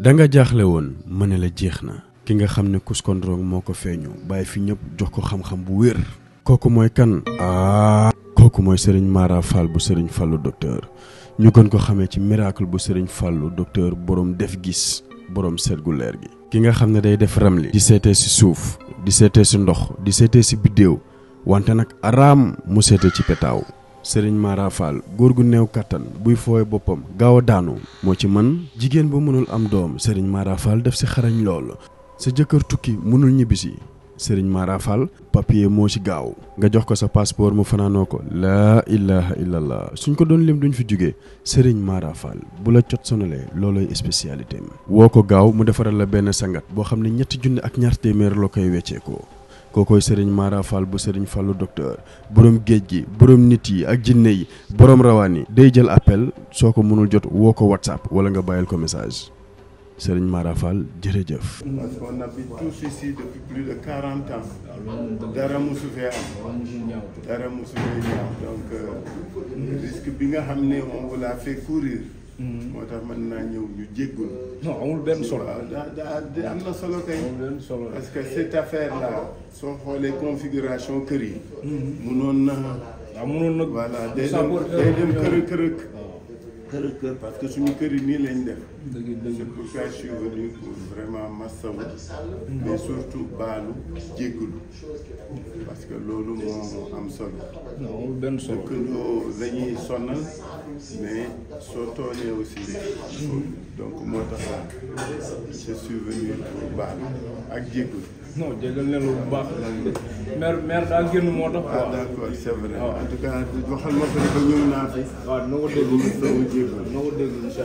da nga jaaxle woon ma ne la jeex na ki nga xam ne Kuskondorong moo ko feeñu bàyyi fi ñëpp jox ko xam-xam bu wér kooku mooy kan ah kooku mooy Serigne Mara bu Serigne Fallou docteur ñu gën ko xamee ci miracle bu Serigne Fallou docteur borom def gis borom seet gu leer gi ki nga xam ne day def ramli di seetee si suuf di seetee si ndox di seetee si biddéew wante nag araam mu seetee ci petaaw Serigne Mara Fall góor gu néew kattan buy fooy boppam gaaw a daanu moo ci man jigéen bu mënul am doom Serigne Mara def si xarañ lool sa jëkkër tukki mënul ñibbisi Serigne Mara Fall papier moo ci gaaw nga jox ko sa passeport mu fanaanoo ko laa ilaha illallah suñ ko doon lim duñ fi jóge Serigne Mara bu la cot sonalee looloy spécialité mi woo ko gaaw mu defaral la benn sangat boo xam ne ñetti junni ak ñaar téeméer loo koy weccee ko kookooy sëriñ Mara Fall bu sëriñ Fallu docteur borom géej gi borom nit yi ak jinne yi borom rawaan yi day jël appel soo ko mënul jot woo ko whatsapp wala nga bàyyil ko message sëriñ Mara Fall jërëjëf. Euh, nga xam ne Mm. moo tax mën naa ñëw ñu jéggul non amul benn solo da am na solo kay parce que cette affaire là ah, soo xoolee configuration kër yi mm-hmm. munoon na waaw munoon na voilà day dem day dem kërë ah. kërëk parce que suñu kër yi nii lañ def c'est pourquoi je suis venu pour vraiment massawu mais surtout baalu jéggulu parce que loolu moo am solo dëkkandoo la mais soo toolee aussi donc moo tax je suis venu pour baax ak jégalu. non jégal ne lu baax. maire maire daa génn moo tax. waaw ah, d'accord c'est vrai ah. en tout cas waxal ma ko ne ko naa fi. waaw ah, na ko déglu na ko déglu incha